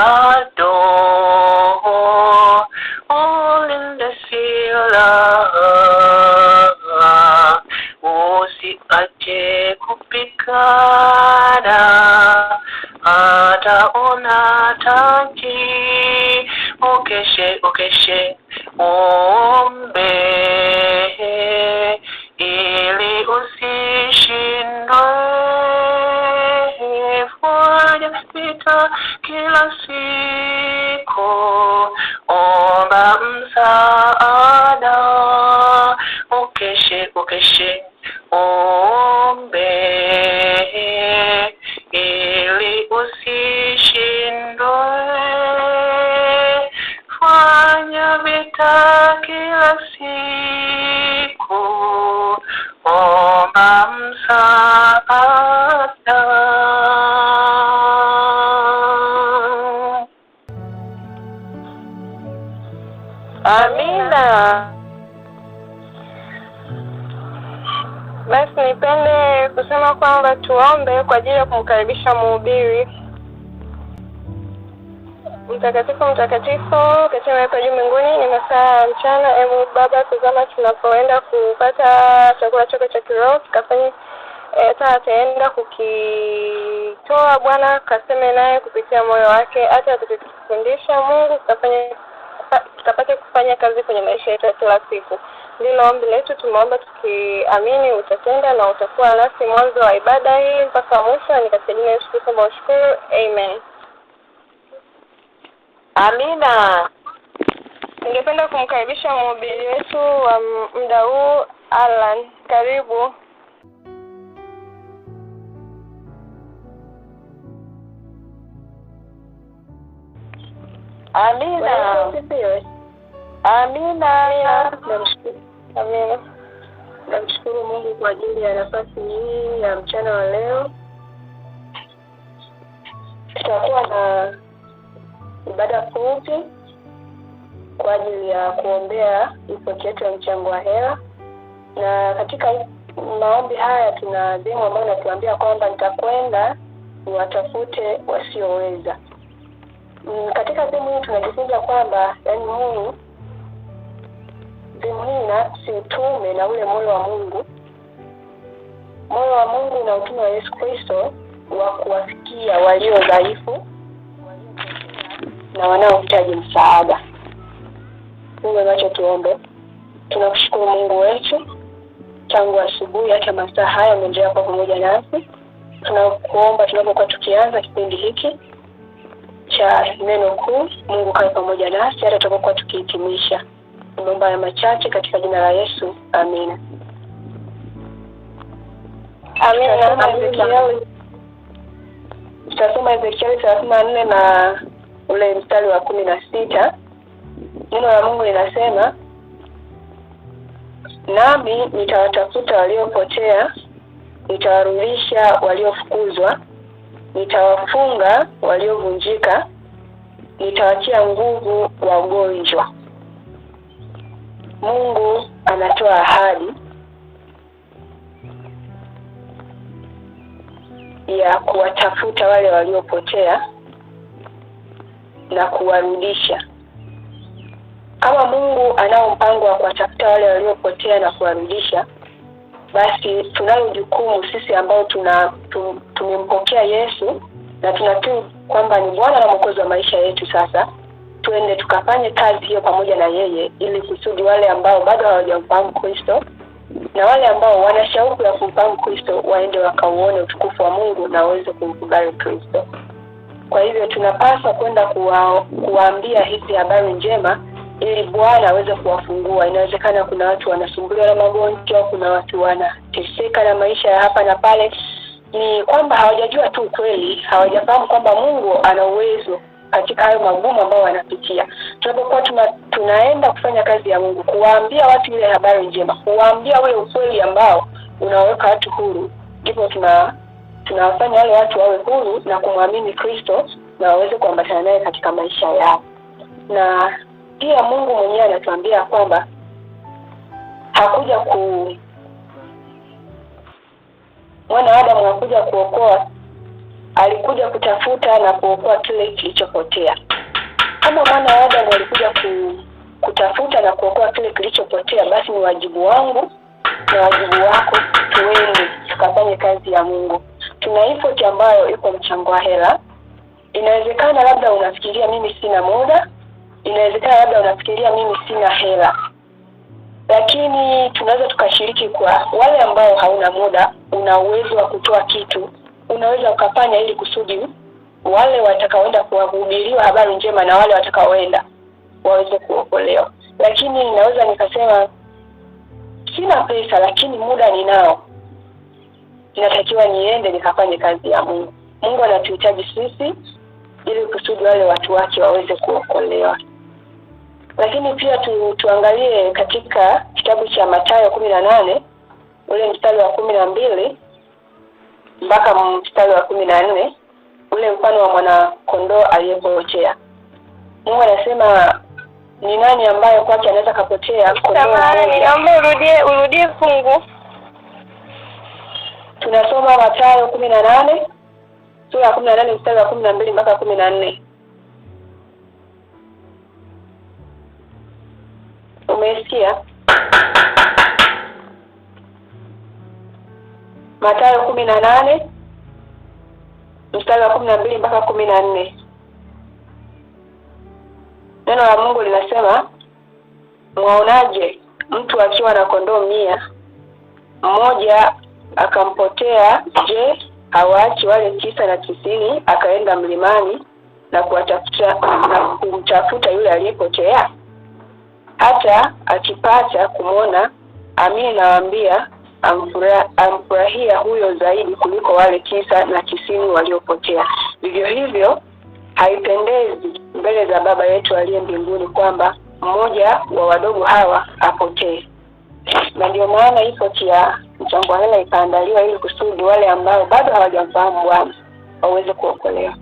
Bye. wenyewe kwa ajili ya kumkaribisha mhubiri. Mtakatifu, mtakatifu, katika weka juu mbinguni, ni masaa ya mchana. Hebu Baba, tazama tunapoenda kupata chakula chako cha kiroho, e, hata eh, ataenda kukitoa Bwana, kaseme naye kupitia moyo wake, hata atakufundisha Mungu, tukafanye tukapate kufanya kazi kwenye maisha yetu ya kila siku lilo ombi letu tumeomba tukiamini utatenda na utakuwa nasi mwanzo wa ibada hii mpaka mwisho. Ni katika jina la Yesu Kristo tunashukuru, amen. Amina. Ningependa kumkaribisha mhubiri wetu wa muda huu Alan, karibu. Amina. Amina. Amina. Amina. Namshukuru Mungu kwa ajili ya nafasi hii ya mchana wa leo. Tutakuwa na ibada fupi kwa ajili ya kuombea ripoti yetu ya mchango wa hela, na katika maombi haya tuna demu ambayo natuambia kwamba nitakwenda niwatafute wasioweza. Mm, katika demu hii tunajifunza kwamba yani Mungu kumnina si utume na ule moyo wa Mungu, moyo wa Mungu na utume wa Yesu Kristo wa kuwafikia walio dhaifu na wanaohitaji msaada. Mungu nacho tuombe. Tunakushukuru Mungu wetu, tangu asubuhi hata masaa haya umeendelea kuwa pamoja nasi. Tunakuomba tunapokuwa tukianza kipindi hiki cha neno kuu, Mungu kawe pamoja nasi hata tunapokuwa tukihitimisha. Tumeomba haya machache katika jina la Yesu, amina. Tutasoma Ezekieli thelathini na nne na ule mstari wa kumi na sita. Neno la Mungu linasema, nami nitawatafuta waliopotea, nitawarudisha waliofukuzwa, nitawafunga waliovunjika, nitawatia nguvu wagonjwa Mungu anatoa ahadi ya kuwatafuta wale waliopotea na kuwarudisha. Kama Mungu anao mpango wa kuwatafuta wale waliopotea na kuwarudisha, basi tunayo jukumu sisi ambao tuna tum, tumempokea Yesu na tunatui kwamba ni Bwana na Mwokozi wa maisha yetu sasa twende tukafanye kazi hiyo pamoja na yeye, ili kusudi wale ambao bado hawajamfahamu Kristo na wale ambao wana shauku ya kumfahamu Kristo waende wakauone utukufu wa Mungu na waweze kumkubali Kristo. Kwa hivyo tunapaswa kwenda kuwa, kuwaambia hizi habari njema ili Bwana aweze kuwafungua. Inawezekana kuna watu wanasumbuliwa na magonjwa, kuna watu wanateseka na maisha ya hapa na pale, ni kwamba hawajajua tu kweli, hawajafahamu kwamba Mungu ana uwezo katika hayo magumu ambayo wanapitia. Tunapokuwa tuna, tunaenda kufanya kazi ya Mungu, kuwaambia watu ile habari njema, kuwaambia ule ukweli ambao unaweka watu huru, ndipo tuna tunawafanya wale watu wawe huru na kumwamini Kristo na waweze kuambatana naye katika maisha yao. Na pia Mungu mwenyewe anatuambia kwamba hakuja ku mwana Adamu hakuja kuokoa alikuja kutafuta na kuokoa kile kilichopotea. Kama mwana wa Adamu alikuja ku, kutafuta na kuokoa kile kilichopotea, basi ni wajibu wangu na wajibu wako, tuende tukafanye kazi ya Mungu. Tuna effort ambayo iko mchango wa hela. Inawezekana labda unafikiria mimi sina muda, inawezekana labda unafikiria mimi sina hela, lakini tunaweza tukashiriki kwa wale ambao hauna muda, una uwezo wa kutoa kitu unaweza ukafanya ili kusudi wale watakaoenda kuwahubiriwa habari njema na wale watakaoenda waweze kuokolewa. Lakini naweza nikasema sina pesa, lakini muda ninao, inatakiwa niende nikafanye kazi ya Mungu. Mungu anatuhitaji sisi ili kusudi wale watu wake waweze kuokolewa. Lakini pia tu, tuangalie katika kitabu cha Mathayo kumi na nane ule mstari wa kumi na mbili mpaka mstari wa kumi na nne ule mfano wa mwanakondoo aliyepotea mungu anasema ni nani ambaye kwake anaweza kapotea urudie urudie fungu tunasoma matayo kumi na nane sura ya kumi na nane mstari wa kumi na mbili mpaka kumi na nne umesikia Mathayo kumi na nane mstari wa kumi na mbili mpaka kumi na nne neno la Mungu linasema, mwaonaje mtu akiwa na kondoo mia mmoja akampotea? Je, hawaachi wale tisa na tisini akaenda mlimani na kuwatafuta na kumtafuta yule aliyepotea? Hata akipata kumwona, amini nawaambia amfurahia huyo zaidi kuliko wale tisa na tisini waliopotea. Vivyo hivyo haipendezi mbele za Baba yetu aliye mbinguni kwamba mmoja wa wadogo hawa apotee, na ndio maana ripoti ya mchango wa hela ikaandaliwa ili kusudi wale ambao bado hawajamfahamu Bwana waweze kuokolewa.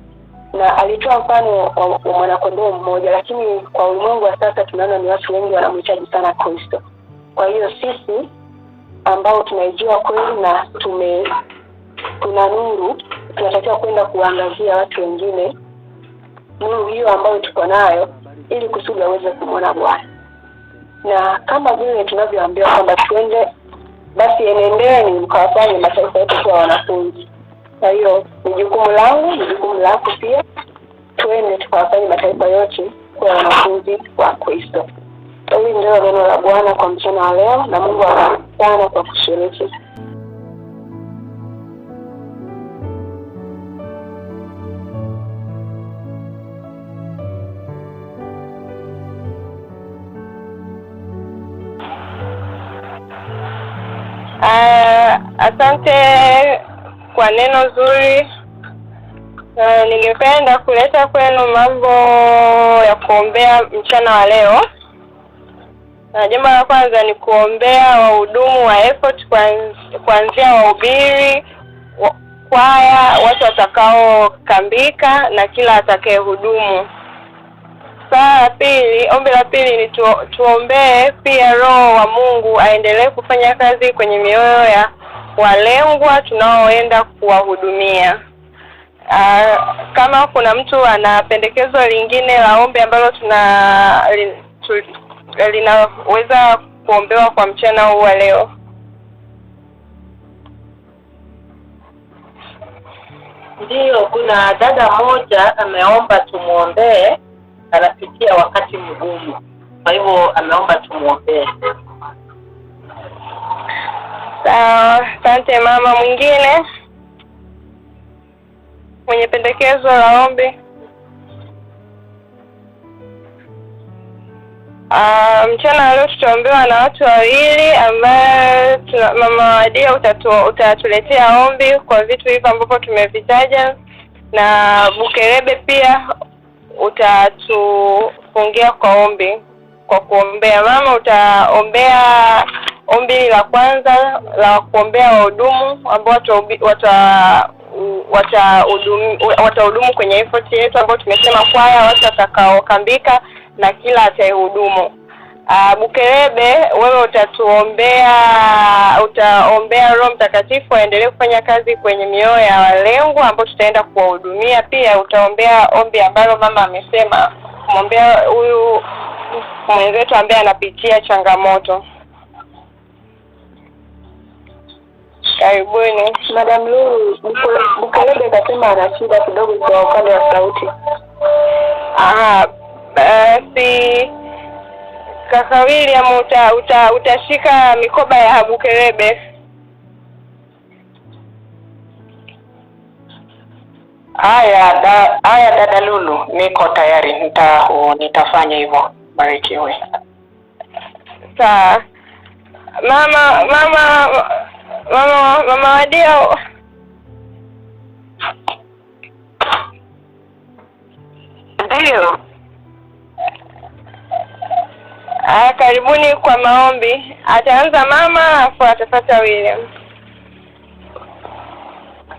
Na alitoa mfano wa mwanakondoo mmoja, lakini kwa ulimwengu wa sasa tunaona ni watu wengi wanamhitaji sana Kristo. Kwa hiyo sisi ambao tunaijua kweli na tume tuna nuru, tunatakiwa kwenda kuangazia watu wengine nuru hiyo ambayo tuko nayo, ili kusudi waweze kumwona Bwana. Na kama vile tunavyoambiwa kwamba tuende basi, enendeni mkawafanye mataifa yote kuwa wanafunzi. Kwa hiyo ni jukumu langu, ni jukumu lako pia, tuende tukawafanye mataifa yote kuwa wanafunzi wa Kristo. Hili ndilo neno la Bwana kwa mchana wa leo, na Mungu awabariki sana kwa kushiriki. Uh, asante kwa neno zuri. Uh, ningependa kuleta kwenu mambo ya kuombea mchana wa leo. Na jambo la kwanza ni kuombea wahudumu wa effort kuanzia wahubiri kwaya, watu watakaokambika na kila atakayehudumu. saa la pili, ombi la pili ni tu, tuombee pia Roho wa Mungu aendelee kufanya kazi kwenye mioyo ya walengwa tunaoenda kuwahudumia. kama kuna mtu ana pendekezo lingine la ombi ambalo tuna li, tu, linaweza kuombewa kwa mchana huu wa leo? Ndiyo, kuna dada moja ameomba tumwombee, anapitia wakati mgumu, kwa hivyo ameomba tumwombee. Sawa, asante mama. Mwingine mwenye pendekezo la ombi? Ah, mchana um, leo tutaombewa na watu wawili ambaye mama Wadia utatuletea ombi kwa vitu hivyo ambavyo tumevitaja, na bukerebe pia utatufungia kwa ombi kwa kuombea. Mama, utaombea ombi la kwanza la kuombea wahudumu ambao wata watahudumu wata kwenye effort yetu ambao tumesema kwaya, watu watakaokambika na kila atayehudumu. Uh, ah, Bukerebe, wewe utatuombea, utaombea Roho Mtakatifu aendelee kufanya kazi kwenye mioyo ya walengwa ambao tutaenda kuwahudumia. Pia utaombea ombi ambalo mama amesema kumwombea huyu mwenzetu ambaye anapitia changamoto. Karibuni. Madam Lulu, Bukerebe kasema ana shida kidogo kwa upande wa sauti. Aha basi kaka William uta, uta, utashika mikoba ya habukerebe haya da, haya dada Lulu, niko tayari, nita nitafanya hivyo. Barikiwe. Sawa mama, mama mama mama Wadio. Ndio. Aya, karibuni kwa maombi. Ataanza mama afu atafuta William.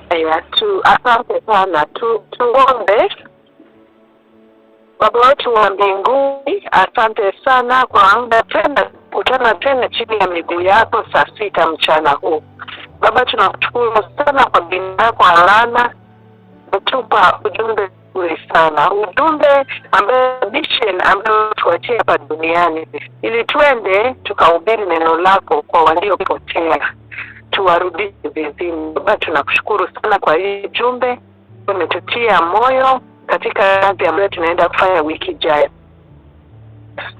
Aya, tu asante sana tu, tuombe. Baba wetu wa mbinguni, asante sana kwa muda tena kutana tena chini ya miguu yako saa sita mchana huu. Baba, tunakushukuru sana kwa bina yako alana kutupa ujumbe vizuri sana ujumbe ambayo mission ambayo tuachie hapa duniani, ili tuende tukahubiri neno lako kwa waliopotea, tuwarudishe vizima. Baba, tunakushukuru sana kwa hii jumbe, umetutia moyo katika kazi ambayo tunaenda kufanya wiki ijayo.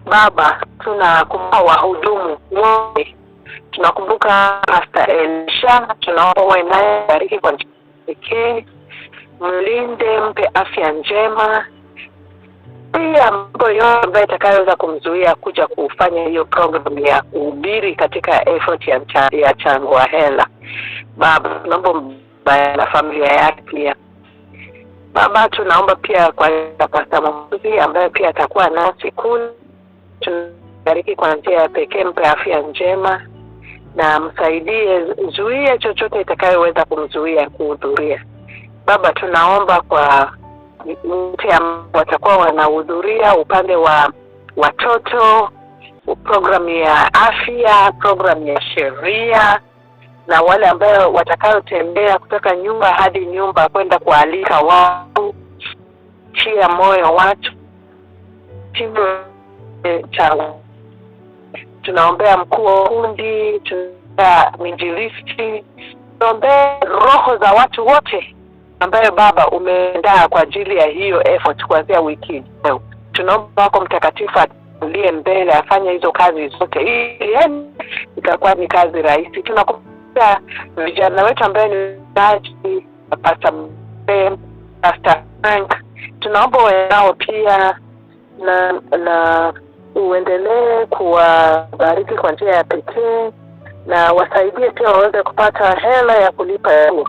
Baba, tunakumbuka wahudumu wote, tunakumbuka pasta Elisha, tunaomba uwe naye bariki kwa njia pekee mlinde, mpe afya njema, pia mambo yote ambayo itakayoweza kumzuia kuja kufanya hiyo program ya kuhubiri katika effort ya, mcha, ya chango wa hela. Baba, tunaomba mbaya na familia yake pia. Baba, tunaomba pia kwa Pasta Mwamuzi ambaye pia atakuwa nasi kule, tunabariki kwa njia ya pekee, mpe afya njema na msaidie, zuie chochote itakayoweza kumzuia kuhudhuria. Baba, tunaomba kwa wote ambao watakuwa wanahudhuria upande wa watoto, programu ya afya, programu ya sheria na wale ambao watakayotembea kutoka nyumba hadi nyumba kwenda kualika watu, tia moyo watu eh, cha tunaombea mkuu wa kundi, tunaombea minjilisti, tunaombea roho za watu wote ambayo Baba umeendaa kwa ajili ya hiyo effort kuanzia wiki leo. Tunaomba wako Mtakatifu atulie mbele, afanye hizo kazi zote, ili yani itakuwa ni kazi rahisi. Tunakumbusha vijana wetu ambayo ni aji Pastor Frank, tunaomba wenao pia na na uendelee kuwabariki kwa njia ya pekee na wasaidie pia waweze kupata hela ya kulipa huo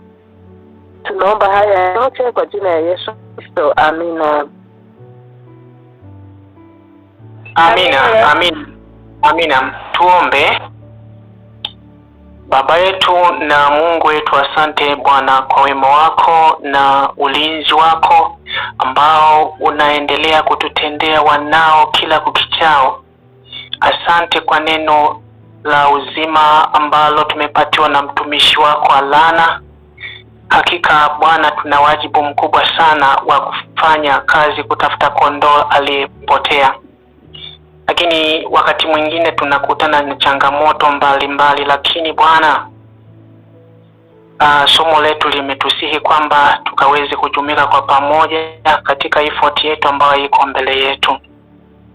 Tunaomba haya yote kwa jina ya Yesu Kristo, amina. Amina, amina, amina. Tuombe. Baba yetu na Mungu wetu, asante Bwana kwa wema wako na ulinzi wako ambao unaendelea kututendea wanao kila kukichao. Asante kwa neno la uzima ambalo tumepatiwa na mtumishi wako Alana Hakika Bwana, tuna wajibu mkubwa sana wa kufanya kazi kutafuta kondoo aliyepotea, lakini wakati mwingine tunakutana na changamoto mbalimbali mbali, lakini Bwana uh, somo letu limetusihi kwamba tukaweze kujumika kwa pamoja katika ifoti yetu ambayo iko mbele yetu.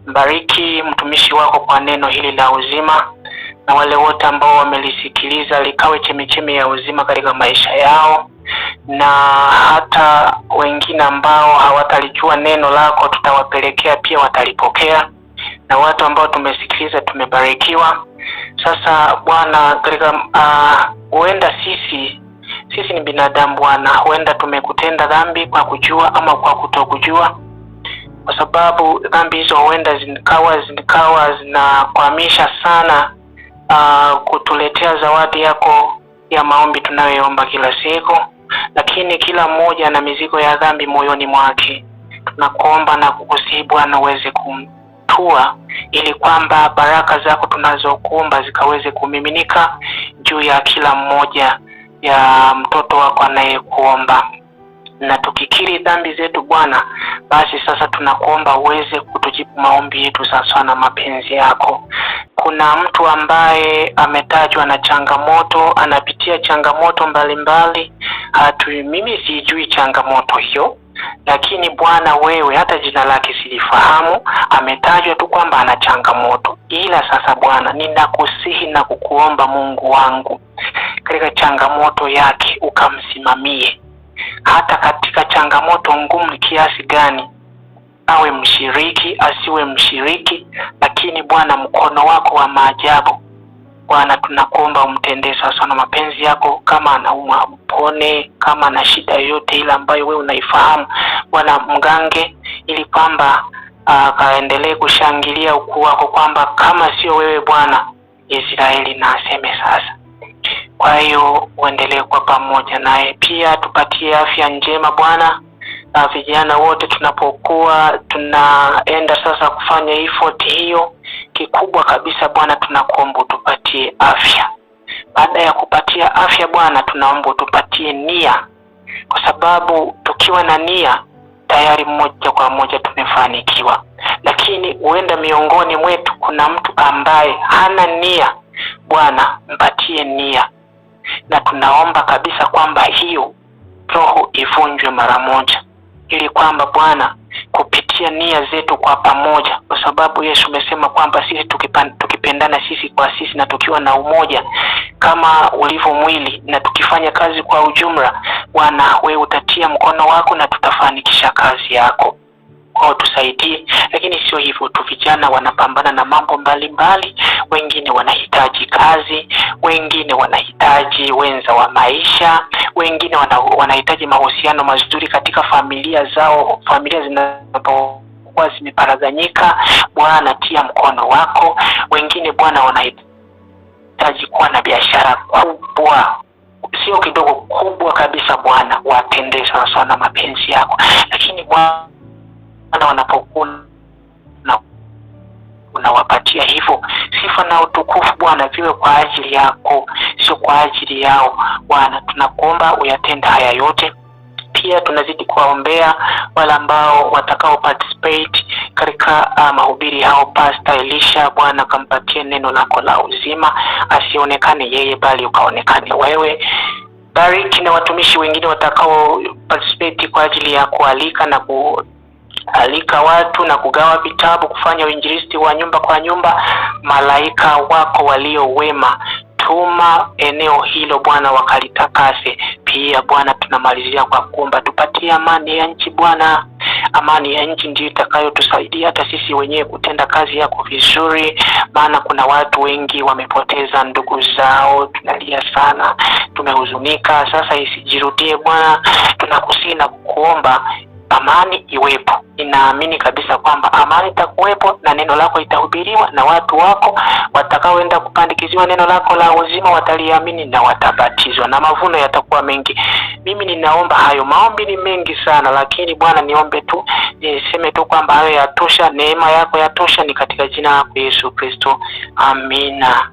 Mbariki mtumishi wako kwa neno hili la uzima na wale wote ambao wamelisikiliza likawe chemichemi ya uzima katika maisha yao na hata wengine ambao hawatalijua neno lako tutawapelekea pia watalipokea, na watu ambao tumesikiliza tumebarikiwa. Sasa Bwana, katika ah, huenda uh, sisi sisi ni binadamu Bwana, huenda tumekutenda dhambi kwa kujua ama kwa kutokujua, kwa sababu dhambi hizo huenda zikawa zikawa zinakwamisha sana uh, kutuletea zawadi yako ya maombi tunayoomba kila siku lakini kila mmoja na mizigo ya dhambi moyoni mwake. Tunakuomba na kukusihi Bwana uweze kumtua, ili kwamba baraka zako tunazokuomba zikaweze kumiminika juu ya kila mmoja ya mtoto wako anayekuomba na tukikiri dhambi zetu Bwana, basi sasa tunakuomba uweze kutujibu maombi yetu sasa na mapenzi yako. Kuna mtu ambaye ametajwa na changamoto, anapitia changamoto mbalimbali. Hatu mimi sijui changamoto hiyo lakini Bwana wewe, hata jina lake silifahamu, ametajwa tu kwamba ana changamoto. Ila sasa Bwana, ninakusihi na kukuomba Mungu wangu, katika changamoto yake ukamsimamie hata katika changamoto ngumu kiasi gani, awe mshiriki asiwe mshiriki, lakini Bwana, mkono wako wa maajabu Bwana, tunakuomba umtendee sasa na mapenzi yako. Kama anaumwa mpone, kama ana shida yoyote ile ambayo wewe unaifahamu Bwana, mgange ili kwamba ah, akaendelee kushangilia ukuu wako, kwamba kama sio wewe Bwana, Israeli na aseme sasa kwa hiyo uendelee kuwa pamoja naye, pia tupatie afya njema Bwana. Na vijana wote tunapokuwa tunaenda sasa kufanya effort hiyo, kikubwa kabisa Bwana, tunakuomba utupatie afya. Baada ya kupatia afya Bwana, tunaomba utupatie nia, kwa sababu tukiwa na nia tayari moja kwa moja tumefanikiwa. Lakini huenda miongoni mwetu kuna mtu ambaye hana nia. Bwana, mpatie nia na tunaomba kabisa kwamba hiyo roho ivunjwe mara moja, ili kwamba Bwana kupitia nia zetu kwa pamoja, kwa sababu Yesu amesema kwamba sisi tukipendana sisi kwa sisi na tukiwa na umoja kama ulivyo mwili na tukifanya kazi kwa ujumla, Bwana wewe utatia mkono wako na tutafanikisha kazi yako kwao, tusaidie. Lakini sio hivyo tu, vijana wanapambana na mambo mbalimbali, wengine wanahitaji kazi, wengine wanahitaji wenza wa maisha, wengine wana, wanahitaji mahusiano mazuri katika familia zao, familia zinapo zimeparaganyika. Bwana, tia mkono wako. Wengine Bwana, wanahitaji kuwa na biashara kubwa, sio kidogo, kubwa kabisa. Bwana, watendee sawasawa na mapenzi yako, lakini Bwana sana wanapokula na unawapatia hivyo. Sifa na utukufu Bwana viwe kwa ajili yako, sio kwa ajili yao. Bwana, tunakuomba uyatenda haya yote pia tunazidi kuwaombea wale ambao watakao participate katika uh, mahubiri hao. Pasta Elisha, Bwana kampatie neno lako la uzima, asionekane yeye bali ukaonekane wewe. Bariki na watumishi wengine watakao participate kwa ajili ya kualika na ku alika watu na kugawa vitabu, kufanya uinjilisti wa nyumba kwa nyumba. Malaika wako walio wema, tuma eneo hilo Bwana, wakalitakase pia Bwana. Tunamalizia kwa kuomba, tupatie amani ya nchi Bwana. Amani ya nchi ndiyo itakayotusaidia hata sisi wenyewe kutenda kazi yako vizuri, maana kuna watu wengi wamepoteza ndugu zao. Tunalia sana, tumehuzunika. Sasa isijirudie Bwana, tunakusii na kukuomba amani iwepo. Ninaamini kabisa kwamba amani itakuwepo na neno lako itahubiriwa na watu wako watakaoenda kupandikiziwa neno lako la uzima wataliamini na watabatizwa na mavuno yatakuwa mengi. Mimi ninaomba hayo, maombi ni mengi sana, lakini Bwana niombe tu, niseme tu kwamba hayo yatosha, neema yako yatosha, ni katika jina lako Yesu Kristo, amina.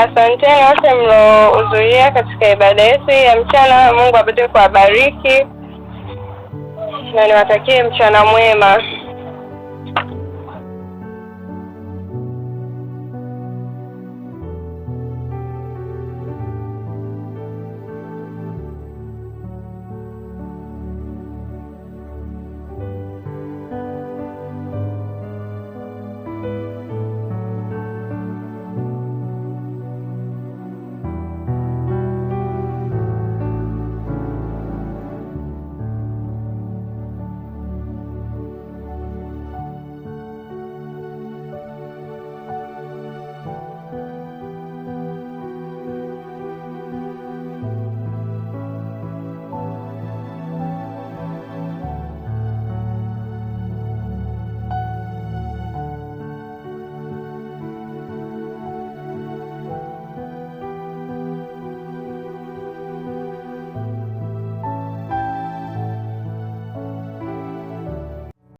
Asanteni wote mlohudhuria katika ibada yetu ya mchana. Mungu abidi kuwabariki na niwatakie mchana mwema.